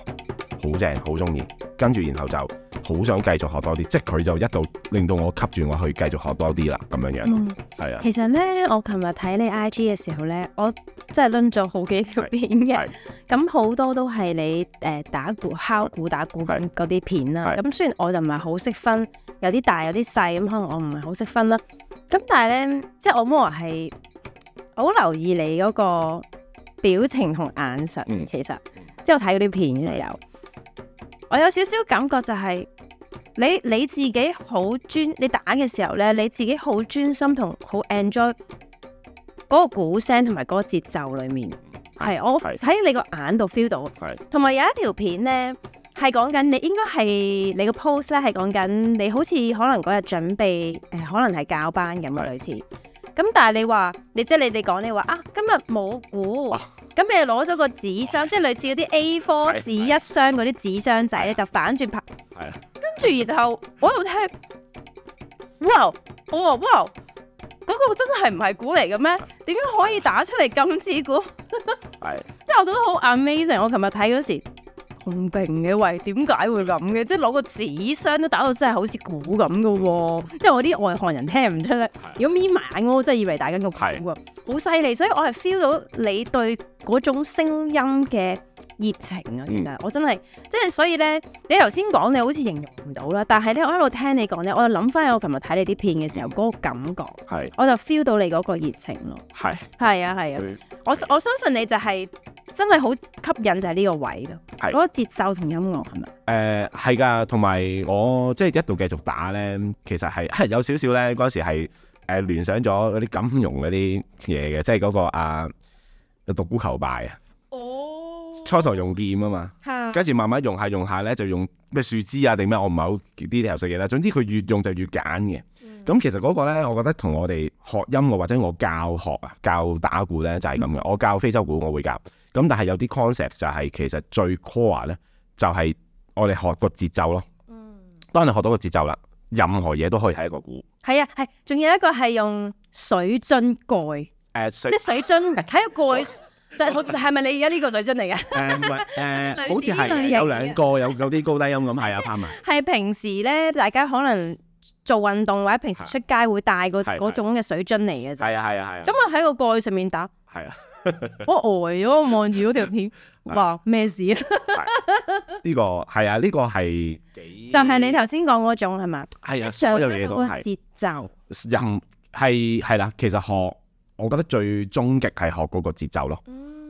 好正好鍾意，跟住然後就好想繼續學多啲，即係佢就一度令到我吸住我去繼續學多啲啦咁樣樣囉，係啊、嗯。是的 其實咧，我琴日睇你 IG 嘅時候咧，我真係撚咗好幾片嘅，咁好 (music) 多都係你誒打鼓、敲鼓、打鼓嗰啲片啦。咁 (music) 雖然我就唔係好識分，有啲大有啲細，咁可能我唔係好識分啦。咁但係咧，即係我 more 係好留意你嗰個表情同眼神。嗯、其實即係我睇嗰啲片嘅時候， (music) 我有少少感覺就係你你自己好專，你打嘅時候咧，你自己好專心同好 enjoy 嗰個鼓聲同埋嗰個節奏裏面。係，我喺你個眼度 feel 到，同埋是有，有一條片呢，係講緊，你應該係你個 post 咧係講緊，你好似可能嗰日準備誒、呃，可能係教班咁啊，類似，咁是但係你話，你即係你哋講你話啊，今日冇估，咁哇你又攞咗個紙箱，哇即係類似嗰啲 A4 紙是一箱嗰啲紙箱仔咧，是就反轉拍，跟住是然，然後我又聽 (laughs) 哇，哇，哦哇！嗰個真係唔係鼓嚟嘅咩？點解可以打出嚟咁似鼓？係 (laughs) 的，即係 (laughs) 我覺得好 amazing。我琴日睇嗰時咁勁嘅，喂，點解會咁嘅？即係攞個紙箱都打到真係好似鼓咁嘅喎！即係我啲外行人聽唔出咧。的如果眯埋眼，我真係以為打緊個鼓噶、啊，好犀利。所以我係 feel 到你對嗰種聲音嘅。熱情啊，其實我真係即係，嗯、所以咧，你頭先講你好似形容唔到啦，但係咧，我喺度聽你講咧，我就諗翻起我琴日睇你啲片嘅時候嗰、嗯、個感覺，是我就 feel 到你嗰個熱情咯。係係是啊，係啊，是我我相信你就係、是、真係好吸引，就係呢個位咯。係嗰是個節奏同音樂係咪？誒係噶，同埋、呃、我即係一度繼續打咧，其實係有少少咧嗰時係誒、呃、聯想咗嗰啲金融嗰啲嘢嘅，即係嗰、那個啊獨孤求敗啊。讀讀求求初頭用劍啊嘛，跟住慢慢用下用下咧就用咩樹枝啊定咩，我唔係好啲頭識嘢啦。總之佢越用就越揀嘅。咁、嗯、其實嗰個咧，我覺得同我哋學音樂或者我教學啊教打鼓咧就係咁嘅。嗯、我教非洲鼓我會教，咁但係有啲 concept 就係其實最 core 咧就係我哋學個節奏咯。嗯，當你學到個節奏啦，任何嘢都可以係一個鼓。係啊，係。仲有一個係用水樽蓋，誒、uh、即係水樽睇個、啊、蓋。 (laughs) 就係，係咪你而家呢個水樽嚟嘅？誒係，誒好似係有兩個，有有啲高低音咁，係啊，潘文。係平時咧，大家可能做運動或者平時出街會帶個嗰種嘅水樽嚟嘅啫。係啊，係啊，係啊。咁啊，喺個蓋上面打。係啊。我呆咗，我望住嗰條片，話咩事啊？呢個係啊，呢個係。就係你頭先講嗰種係嘛？係啊，上嚟嘢都節奏人係係啦，其實學。我覺得最終極係學嗰個節奏咯，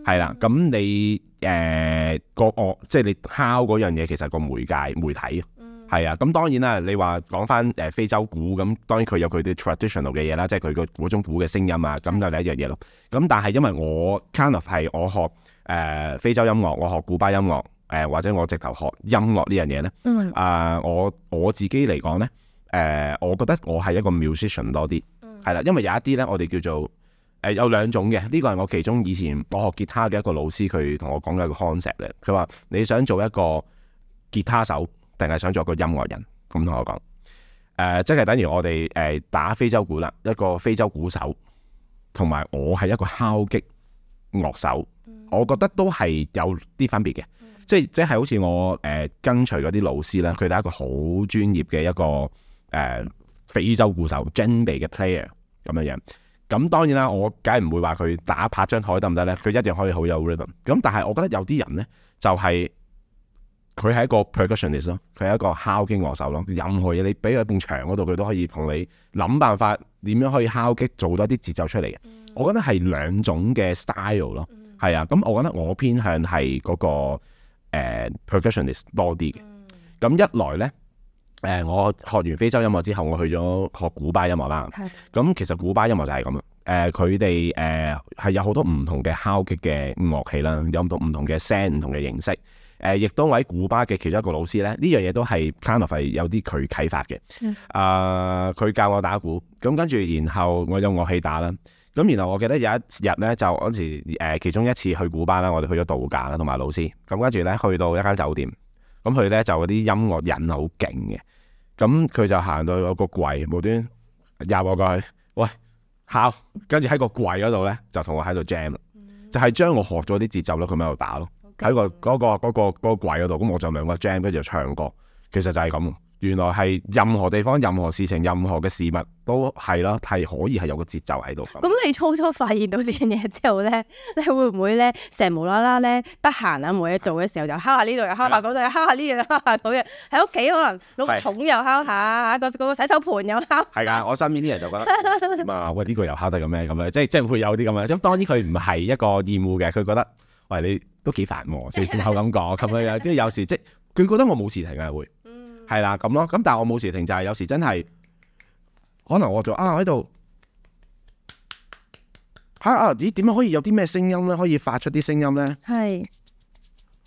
係啦。咁你誒個樂即係你敲嗰樣嘢，其實個媒介媒體啊，係啊。咁當然啦，你話講返誒非洲鼓咁，當然佢有佢啲 traditional 嘅嘢啦，即係佢個古中鼓嘅聲音啊。咁就另一樣嘢咯。咁但係因為我 kind of 係我學誒、呃、非洲音樂，我學古巴音樂誒、呃，或者我直頭學音樂呢樣嘢咧。啊、呃，我我自己嚟講咧，誒、呃，我覺得我係一個 musician 多啲，係啦，因為有一啲咧，我哋叫做。誒，有兩種嘅，呢、這個係我其中以前我學吉他嘅一個老師佢同我講嘅一個 concept 咧。佢話你想做一個吉他手，定係想做一個音樂人？咁同我講，誒、呃，即係等於我哋誒打非洲鼓啦，一個非洲鼓手，同埋我係一個敲擊樂手，我覺得都係有啲分別嘅。嗯、即係即係好似我誒、呃、跟隨嗰啲老師咧，佢哋係一個好專業嘅一個誒、呃、非洲鼓手 djembe 嘅 player 咁樣樣。咁當然啦，我梗係唔會話佢打拍張台得唔得咧，佢一樣可以好有 rhythm。咁但係我覺得有啲人咧，就係佢係一個 perfectionist 咯，佢係一個敲擊樂手咯。任何嘢你俾佢一埲牆嗰度，佢都可以同你諗辦法，點樣可以敲擊做多啲節奏出嚟嘅。我覺得係兩種嘅 style 咯，係啊。咁我覺得我偏向係嗰、那個 perfectionist 多啲嘅。咁、uh，一來咧。誒、呃，我學完非洲音樂之後，我去咗學古巴音樂啦。咁的其實古巴音樂就係咁啊。佢哋誒係有好多唔同嘅敲擊嘅樂器啦，有唔同唔同嘅聲、唔同嘅形式。誒、呃，亦都我喺古巴嘅其中一個老師咧，呢樣嘢都係有啲佢啟發嘅。嗯的。佢、呃、教我打鼓，咁跟住然後我有樂器打啦。咁然後我記得有一日咧，就嗰時誒其中一次去古巴啦，我哋去咗度假啦，同埋老師。咁跟住咧，去到一間酒店。咁佢咧就嗰啲音樂人好勁嘅，咁佢就行到有個櫃，無端入我過去，喂，敲，跟住喺個櫃嗰度咧就同我喺度 jam、嗯、就係將我學咗啲節奏咯，佢喺度打咯，喺個嗰個嗰個嗰個櫃嗰度，咁我就兩個 jam 跟住就唱歌，其實就係咁。原來係任何地方、任何事情、任何嘅事物都係咯，係可以係有個節奏喺度。咁你初初發現到呢樣嘢之後咧，你會唔會咧成無啦啦咧得閒啊冇嘢做嘅時候就敲下呢度，又敲下嗰度，又敲下呢樣，敲下嗰樣？喺屋企可能攞桶又敲下，個洗手盤又敲。係噶，我身邊啲人就覺得喂，呢個又敲得咁咩咁樣，即係即係會有啲咁樣。咁當然佢唔係一個厭惡嘅，佢覺得喂你都幾煩喎，就然後咁講咁樣，即係有時即佢覺得我冇時停嘅會。係啦，咁咯，咁但係我冇時停，就係有時真係可能我就啊喺度嚇啊，咦，點樣可以有啲咩聲音咧？可以發出啲聲音咧？係的、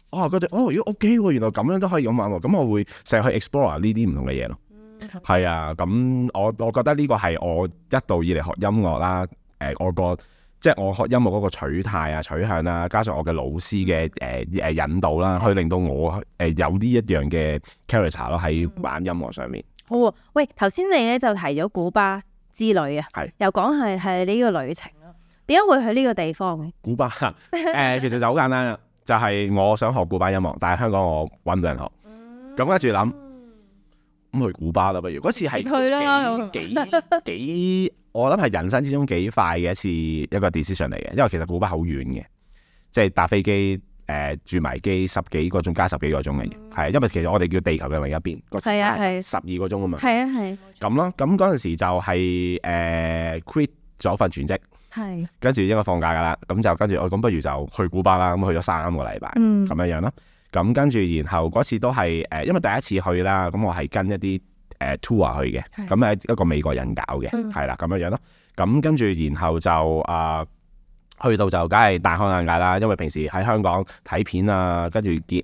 啊。哦，嗰啲哦，如果 O K 喎，原來咁樣都可以咁玩喎，咁我會成日去 explore 呢啲唔同嘅嘢咯。嗯。係啊，咁我、嗯嗯、我覺得呢個係我一路以嚟學音樂啦，誒、呃，我個。即係我學音樂嗰個取態啊、取向啊，加上我嘅老師嘅誒誒引導啦，嗯、去令到我誒有呢一樣嘅 character 咯、嗯，喺玩音樂上面。好，喂，頭先你咧就提咗古巴之旅啊，係是又講係係呢個旅程咯，點解會去呢個地方嘅？古巴，誒，其實就好簡單嘅， (laughs) 就係我想學古巴音樂，但係香港我揾唔到人學，咁跟住諗。咁、嗯、去古巴啦，不如嗰次係幾幾 (laughs) 幾，幾，我諗係人生之中幾快嘅一次一個 decision 嚟嘅，因為其實古巴好遠嘅，即係搭飛機誒、uh, 住埋機十幾個鐘加十幾個鐘嘅，係、嗯、因為其實我哋叫地球嘅另一邊，係啊係十二個鐘啊嘛，係啊係咁咯，咁嗰陣時就係、是、誒、uh, quit 咗份全職，係、啊、跟住應該放假㗎啦，咁就跟住我咁不如就去古巴啦，咁去咗三個禮拜，咁樣、嗯嗯嗯、樣啦。咁跟住，然後嗰次都係誒，因為第一次去啦，咁我係跟一啲誒、呃、tour 去嘅，咁誒的一個美國人搞嘅，係啦咁樣樣咯。咁跟住，然後就啊、呃，去到就梗係大開眼界啦，因為平時喺香港睇片啊，跟住見誒誒誒，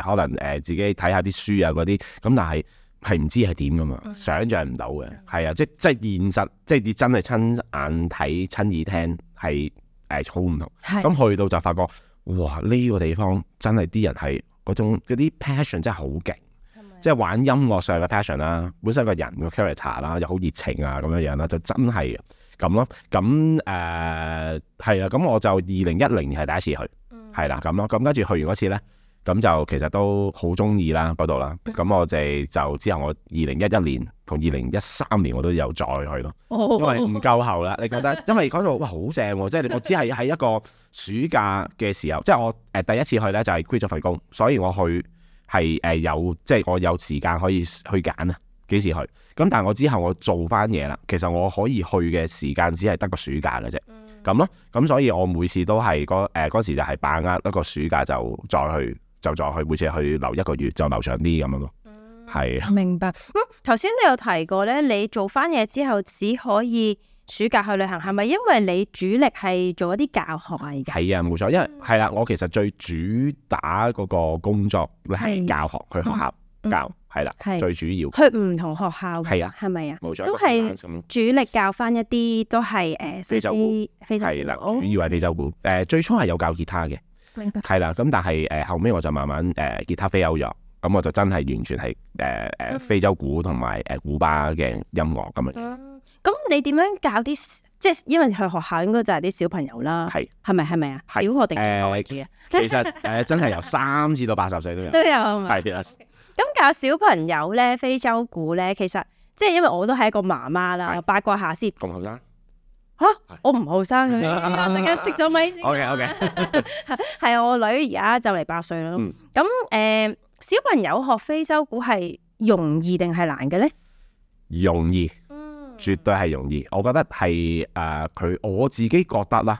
可能誒、呃、自己睇下啲書啊嗰啲，咁但係係唔知係點㗎嘛，想像唔到嘅，係啊、嗯，即即係現實，即你真係親眼睇、親耳聽，係誒好唔同。咁去到就發覺。的哇！呢、呢個地方真係啲人係嗰啲 passion 真係好勁，是是即係玩音樂上嘅 passion 啦，本身個人嘅 character 啦又好熱情啊咁樣樣啦，就真係咁咯。咁誒係啊，咁、呃、我就二零一零年係第一次去，係啦咁咯。咁跟住去完嗰次咧。咁就其實都好中意啦，嗰度啦。咁我哋就，就之後，我二零一一年同二零一三年我都有再去咯，因為唔夠後啦。你覺得因為嗰度哇好正，啊，即係我只係喺一個暑假嘅時候，即係我誒、呃、第一次去呢，就係 quit 咗份工，所以我去係誒、呃、有即係我有時間可以去揀啊，幾時去？咁但係我之後我做翻嘢啦，其實我可以去嘅時間只係得個暑假嘅啫，咁咯。咁所以我每次都係嗰誒嗰時就係把握一個暑假就再去。就再去每次去留一個月，就留長啲咁樣咯。係、啊，明白。咁頭先你有提過咧，你做翻嘢之後只可以暑假去旅行，係咪因為你主力係做一啲教學啊？而家係啊，冇錯，因為係啦、啊，我其實最主打嗰個工作係教學，去學校、啊、教係啦、啊啊，最主要去唔同學校係啊，係咪啊？冇錯，都係主力教翻一啲都係誒、呃、非洲鼓，非洲鼓係啦，啊、主要係非洲鼓。誒，最初係有教吉他嘅。明白，係啦，咁但係誒、呃、後屘我就慢慢誒、呃、吉他飛歐約，咁、嗯、我就真係完全係誒誒非洲鼓同埋誒古巴嘅音樂咁啊！咁、嗯嗯、你點樣教啲？即係因為去學校應該就係啲小朋友啦，係係咪係咪啊？小學定中學啊？其實誒真係由三至到八十歲都有 (laughs) 都有係咁教小朋友咧非洲鼓咧，其實即係因為我都係一個媽媽啦，是是八卦下先。咁好啦。啊、是我唔後生，等陣間熄咗咪先。OK OK，係 (laughs) (laughs) 我女而家就嚟八歲啦。咁誒、嗯呃，小朋友學非洲鼓係容易定係難嘅咧？容易，嗯，絕對係容易。嗯、我覺得係誒，佢、呃、我自己覺得啦，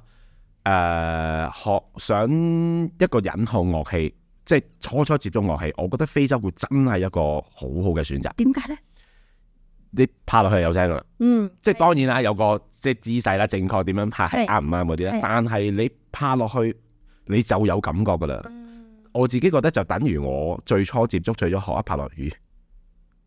誒、呃，學想一個引含樂器，即係初初接觸樂器，我覺得非洲鼓真係一個好好嘅選擇。點解咧？你拍落去有聲噶啦，嗯，即係當然啦，是有個即係姿勢啦，正確點樣拍係係，係啱唔啱嗰啲啦，但係你拍落去你就有感覺噶啦，嗯、我自己覺得就等於我最初接觸，除咗學一拍落去，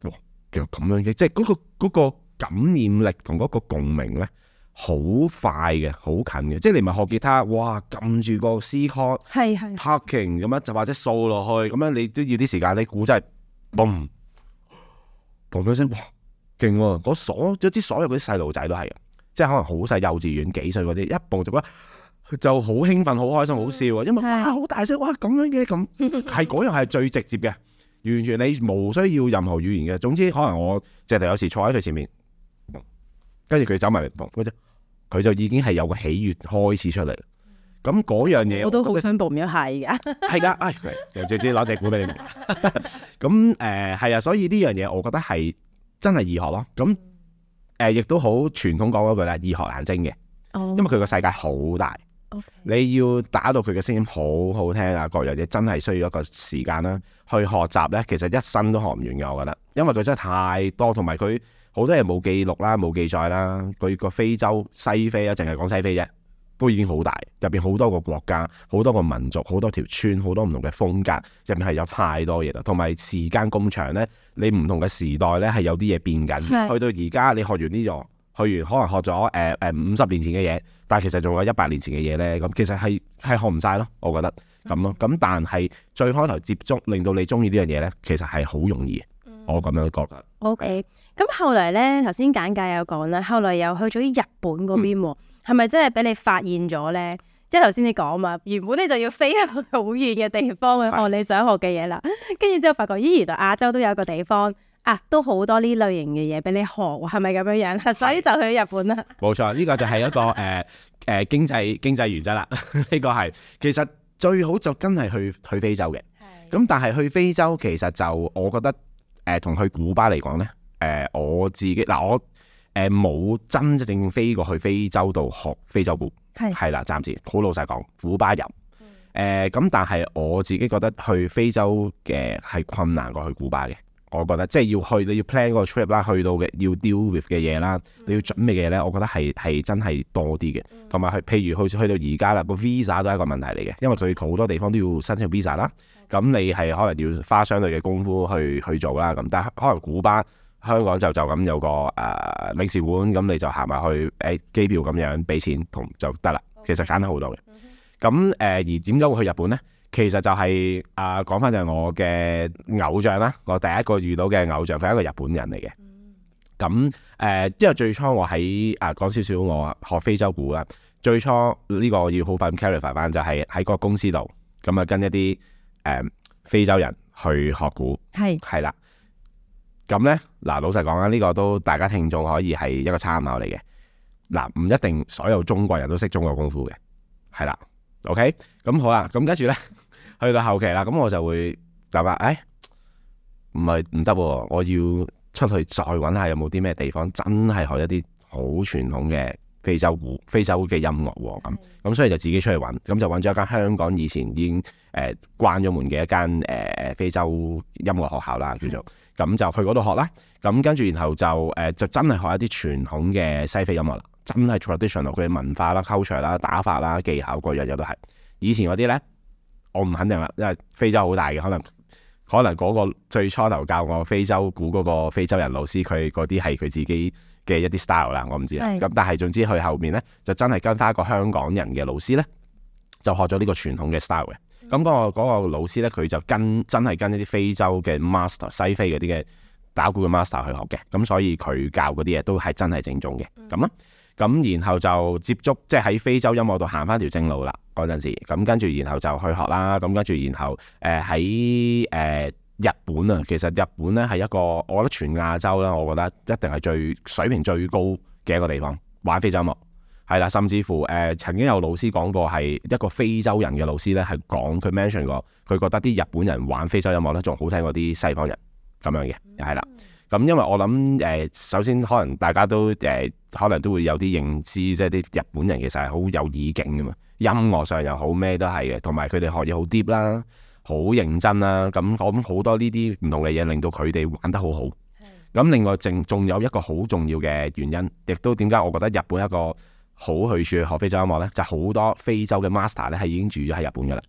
哇，其實咁樣嘅，即係嗰、嗰個、嗰個嗰個感染力同嗰個共鳴咧，好快嘅，好近嘅，即係你唔係學吉他，哇，撳住個 C chord，係係 picking 咁樣，就或者掃落去，咁樣你都要啲時間，你估真係，嘣，嘣咗聲，勁喎、啊，我所一啲所有啲細路仔都係即係可能好細，幼稚園幾歲嗰啲，一蹦就覺得就好興奮、好開心、好笑啊！因為哇，好大聲哇，咁樣嘅咁，係嗰樣係最直接嘅，完全你冇需要任何語言嘅。總之可能我隻頭有時坐喺佢前面，跟住佢走埋嚟，佢就佢就已經係有個喜悅開始出嚟。咁嗰樣嘢我都好想報一下，而家係噶，係直接攞隻鼓俾你。咁誒，係 (laughs) 啊、哎 (laughs) 呃，所以呢樣嘢，我覺得係。真係易學咯，咁誒亦都好傳統講嗰句咧，易學難精嘅，Oh. 因為佢個世界好大，Okay. 你要打到佢嘅聲音好好聽啊，各樣嘢真係需要一個時間啦，去學習咧，其實一生都學唔完嘅，我覺得，因為佢真係太多，同埋佢好多嘢冇記錄啦，冇記載啦，佢個非洲西非啊，淨係講西非啫。都已經好大，入邊好多個國家，好多個民族，好多條村，好多唔同嘅風格，入邊係有太多嘢啦。同埋時間咁長咧，你唔同嘅時代咧係有啲嘢變緊，是去到而家你學完呢樣，去完可能學咗誒誒五十年前嘅嘢，但係其實仲有一百年前嘅嘢咧，咁其實係係學唔晒咯，我覺得咁咯。咁、嗯、但係最開頭接觸，令到你中意呢樣嘢咧，其實係好容易，我咁樣覺得。O K，咁後來咧，頭先簡介有講啦，後來又去咗日本嗰邊。嗯係咪真係俾你發現咗呢？即係頭先你講嘛，原本你就要飛去好遠嘅地方去學是你想學嘅嘢啦。跟住之後發覺，咦，原來亞洲都有個地方啊，都好多呢類型嘅嘢俾你學，係咪咁樣樣？是所以就去日本啦。冇錯，呢、呢個就係一個誒誒、 (laughs) 呃、經濟經濟原則啦。呢、呢個係其實最好就真係去去非洲嘅。咁是但係去非洲其實就我覺得誒，同去古巴嚟講呢，誒、呃呃、我自己嗱我。呃呃呃呃呃呃呃呃誒冇真正飛過去非洲度學非洲舞，係係啦，暫時好老實講，古巴入誒咁，但係我自己覺得去非洲嘅係困難過去古巴嘅，我覺得即係要去你要 plan 個 trip 啦，去到嘅要 deal with 嘅嘢啦，嗯、你要準備嘅嘢咧，我覺得係係真係多啲嘅，同埋去譬如去去到而家啦，個 visa 都係一個問題嚟嘅，因為佢好多地方都要申請 visa 啦，咁你係可能要花相對嘅功夫去去做啦，咁但係可能古巴。香港就就咁有個誒領事館，咁、呃、你就、欸、機就行埋去誒機票咁樣俾錢同就得啦。其實揀得好多嘅。咁誒而點解會去日本咧？其實就係啊講翻就係我嘅偶像啦。我第一個遇到嘅偶像佢係一個日本人嚟嘅。咁誒、呃，因為最初我喺啊講少少我學非洲鼓啦。最初呢、這個我要好快咁 clarify 翻，就係喺個公司度咁啊跟一啲誒、呃、非洲人去學鼓係係啦。是咁咧，嗱，老實講啦，呢個都大家聽眾可以係一個參考嚟嘅。嗱，唔一定所有中國人都識中國功夫嘅，係啦。OK，咁好啊。咁跟住咧，去到後期啦，咁我就會諗下，誒，唔係唔得，我要出去再搵下有冇啲咩地方真係學一啲好傳統嘅非洲鼓、非洲嘅音樂喎。咁咁，所以就自己出去搵，咁就搵咗一間香港以前已經誒關咗門嘅一間誒非洲音樂學校啦，叫做。咁就去嗰度學啦，咁跟住然後就誒、呃、就真係學一啲傳統嘅西非音樂啦，真係 traditional 佢嘅文化啦、culture 啦、打法啦、技巧各樣嘢都係。以前嗰啲咧，我唔肯定啦，因為非洲好大嘅，可能可能嗰個最初頭教我非洲鼓嗰個非洲人老師，佢嗰啲係佢自己嘅一啲 style 啦，我唔知啦。咁是的 但係總之佢後面咧就真係跟翻一個香港人嘅老師咧，就學咗呢個傳統嘅 style 嘅。咁嗰、那個那個老師咧，佢就跟真係跟一啲非洲嘅 master、西非嗰啲嘅打鼓嘅 master 去學嘅，咁所以佢教嗰啲嘢都係真係正，正宗嘅。咁啦、嗯，咁然後就接觸，即係喺非洲音樂度行翻條正路啦。嗰陣時，咁跟住然後就去學啦。咁跟住然後誒喺誒日本啊，其實日本咧係一個我覺得全亞洲啦，我覺得一定係最水平最高嘅一個地方玩非洲音樂。係啦，甚至乎誒、呃、曾經有老師講過，係一個非洲人嘅老師咧，係講佢 mention 過，佢覺得啲日本人玩非洲音樂咧，仲好聽過啲西方人咁樣嘅，係啦。咁、嗯嗯、因為我諗誒、呃，首先可能大家都誒、呃，可能都會有啲認知，即係啲日本人其實係好有意境㗎嘛，音樂上又好咩都係嘅，同埋佢哋學嘢好 deep 啦，好認真啦。咁我諗好多呢啲唔同嘅嘢，令到佢哋玩得好好。咁的另外，正仲有一個好重要嘅原因，亦都點解我覺得日本一個好去處學非洲音樂咧，就係好多非洲嘅 master 咧係已經住咗喺日本噶啦，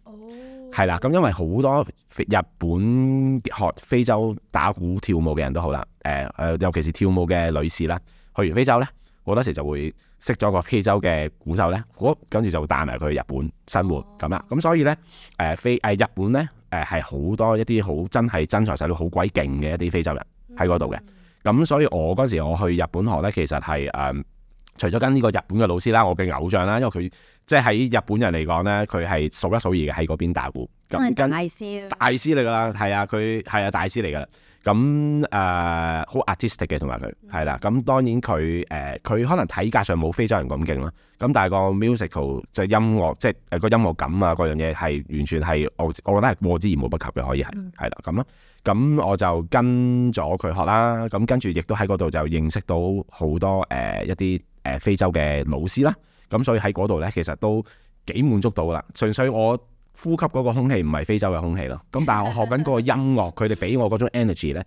係啦、oh.。咁因為好多日本學非洲打鼓跳舞嘅人都好啦，誒、呃、誒，尤其是跳舞嘅女士啦，去完非洲咧，好多時就會識咗個非洲嘅鼓手咧，我跟住就會帶埋佢去日本生活咁啦。咁、oh. 所以咧，誒飛誒日本咧，誒係好多一啲好真係真材實料好鬼勁嘅一啲非洲人喺嗰度嘅。咁、mm hmm. 所以我嗰時我去日本學咧，其實係誒。呃除咗跟呢個日本嘅老師啦，我嘅偶像啦，因為佢即係喺日本人嚟講咧，佢係數一數二嘅喺嗰邊打鼓。咁係大師，跟大師啊，啊！大師嚟㗎，係、呃、啊，佢係啊，大師嚟㗎。咁誒，好 artistic 嘅同埋佢係啦。咁當然佢誒，佢、呃、可能體格上冇非洲人咁勁啦。咁但係個 musical 即係音樂，即、就、係、是、個音樂感啊，嗰樣嘢係完全係我我覺得係過之而無不及嘅，可以係係啦。咁啦、啊，咁、嗯啊、我就跟咗佢學啦。咁跟住亦都喺嗰度就認識到好多誒、呃、一啲。誒非洲嘅老師啦，咁所以喺嗰度呢，其實都幾滿足到噶啦。純粹我呼吸嗰個空氣唔係非洲嘅空氣咯，咁但係我學緊嗰個音樂，佢哋俾我嗰種 energy 呢，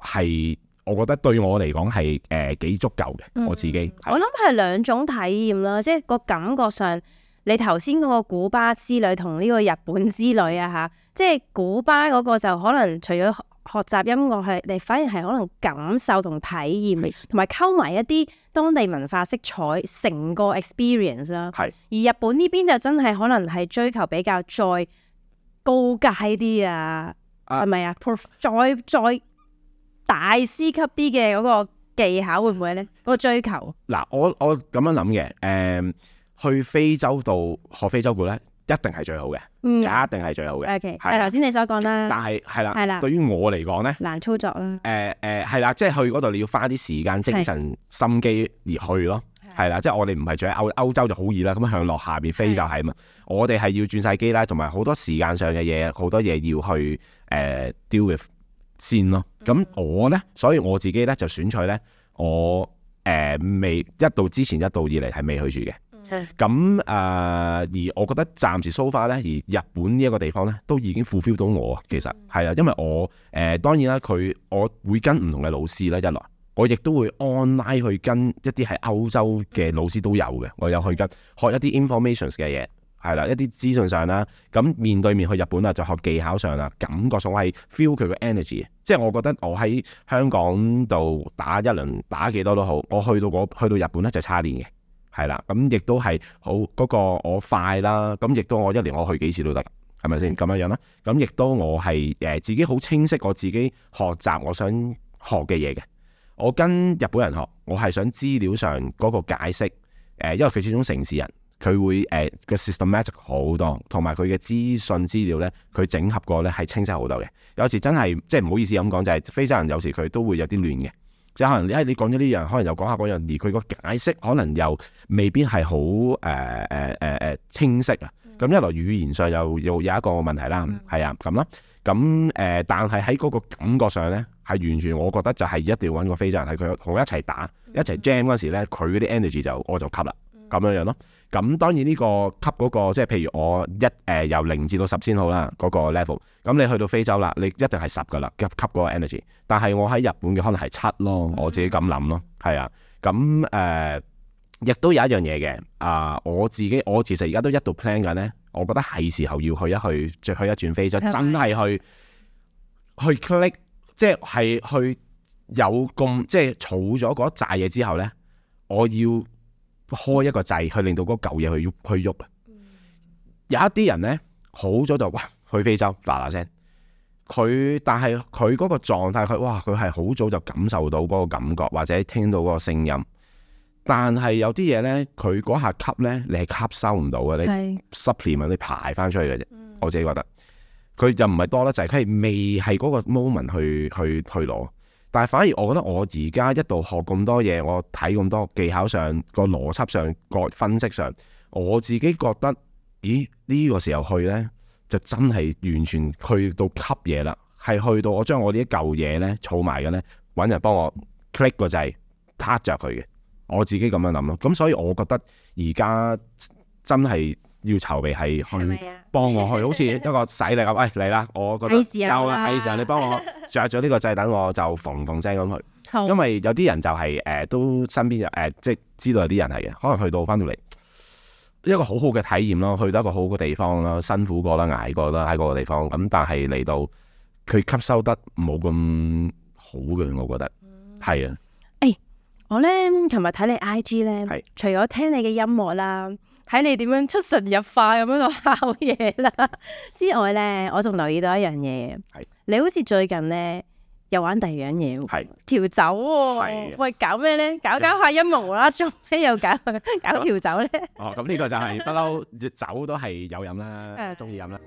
係我覺得對我嚟講係誒幾足夠嘅。嗯、我自己我諗係兩種體驗啦，即係個感覺上，你頭先嗰個古巴之旅同呢個日本之旅啊嚇，即係古巴嗰個就可能除咗。學習音樂係，你反而係可能感受同體驗，同埋溝埋一啲當地文化色彩，成個 experience 啦係。係。而日本呢邊就真係可能係追求比較再高階啲啊，係咪啊？再再大師級啲嘅嗰個技巧會唔會呢？嗰個追求。嗱、啊，我我咁樣諗嘅，誒、嗯，去非洲度學非洲鼓呢。一定係最好嘅。也、嗯、一定係最好嘅。OK，係頭先你所講啦，但係係啦，係啦、啊，啊、對於我嚟講咧，難操作啦。誒誒、呃，係啦、啊，即係、啊就是、去嗰度你要花啲時間、精神、是心機而去咯。係啦、啊，即係我哋唔係住喺歐歐洲就好易啦。咁向落下邊飛就係嘛。是我哋係要轉晒機啦，同埋好多時間上嘅嘢，好多嘢要去誒、呃、deal with 先咯、啊。咁我咧，所以我自己咧就選取咧，我誒未一度之前一度以嚟係未去住嘅。咁誒、呃，而我覺得暫時 so far 咧，而日本呢一個地方咧，都已經 fulfill 到我其實係啊，因為我誒、呃、當然啦，佢我會跟唔同嘅老師啦。一來我亦都會 online 去跟一啲喺歐洲嘅老師都有嘅，我有去跟學一啲 information 嘅嘢，係啦，一啲資訊上啦。咁面對面去日本啊，就學技巧上啦，感覺上我係 feel 佢嘅 energy，即係我覺得我喺香港度打一輪打幾多都好，我去到嗰去到日本咧就叉電嘅。係啦，咁亦、嗯、都係好嗰、那個我快啦，咁亦都我一年我去幾次都得，係咪先？咁樣樣啦，咁亦都是我係誒自己好清晰，我自己學習我想學嘅嘢嘅。我跟日本人學，我係想資料上嗰個解釋，誒，因為佢始終城市人，佢會誒個 systematic 好多，同埋佢嘅資訊資料咧，佢整合過咧係清晰好多嘅。有時真係即係唔好意思咁講，就係、是、非洲人有時佢都會有啲亂嘅。即係可能你唉，你講咗呢樣，可能又講下嗰樣，而佢個解釋可能又未必係好誒誒誒誒清晰啊。咁、mm hmm. 一來語言上又又有一個問題啦。係啊、mm，咁、hmm. 啦。咁誒、呃，但係喺嗰個感覺上咧，係完全我覺得就係一定要搵個非洲人係佢同我一齊打、mm hmm. 一齊 jam 嗰陣時咧，佢嗰啲 energy 就我就吸啦，咁樣、mm hmm. 樣咯。咁當然呢個吸嗰、那個，即係譬如我一誒、呃、由零至到十先好啦，嗰、那個 level。咁你去到非洲啦，你一定係十噶啦，吸吸嗰個 energy。但係我喺日本嘅可能係七咯，我自己咁諗咯，係啊。咁誒、呃、亦都有一樣嘢嘅啊，我自己我其實而家都一度 plan 緊咧，我覺得係時候要去一去，再去一轉非洲，真係去去 click，即係係去有咁即係儲咗嗰一紮嘢之後咧，我要，開一個掣，去令到嗰嚿嘢去喐，去喐啊！有一啲人咧好早就哇，去非洲嗱嗱聲。佢但係佢嗰個狀態，佢哇，佢係好早就感受到嗰個感覺，或者聽到嗰個聲音。但係有啲嘢咧，佢嗰下吸咧，你係吸收唔到嘅，你係濕啊，你排翻出去嘅啫。我自己覺得，佢就唔係多得滯，佢係未係嗰個 moment 去去去攞。去但係反而，我覺得我而家一度學咁多嘢，我睇咁多技巧上、個邏輯上、個分析上，我自己覺得，咦呢個時候去呢，就真係完全去到吸嘢啦，係去到我將我啲一舊嘢呢儲埋嘅呢，揾人幫我 click 個掣，撻著佢嘅，我自己咁樣諗咯。咁所以我覺得而家真係。要籌備係去幫我去， (laughs) 好似一個使力咁。喂、哎，嚟啦！我覺得夠啦，係時候你幫我着咗呢個掣，等我就馴馴聲咁去。好因為有啲人就係、是、誒、呃，都身邊誒、呃，即係知道有啲人係嘅，可能去到翻到嚟一個好好嘅體驗咯，去到一個好嘅地方啦，辛苦過啦，捱過啦喺嗰個地方。咁但係嚟到佢吸收得冇咁好嘅，我覺得係啊。誒、嗯哎，我咧琴日睇你 I G 咧，除咗聽你嘅音樂啦。睇你點樣出神入化咁樣度烤嘢啦，之外咧，我仲留意到一樣嘢，係是你好似最近咧又玩第二樣嘢，係是調酒喎、哦。是喂，搞咩咧？搞搞下音樂啦，做咩 (laughs) 又搞搞調酒咧、 (laughs) 哦？哦，咁呢個就係不嬲， (laughs) 酒都係有飲啦，中意飲啦。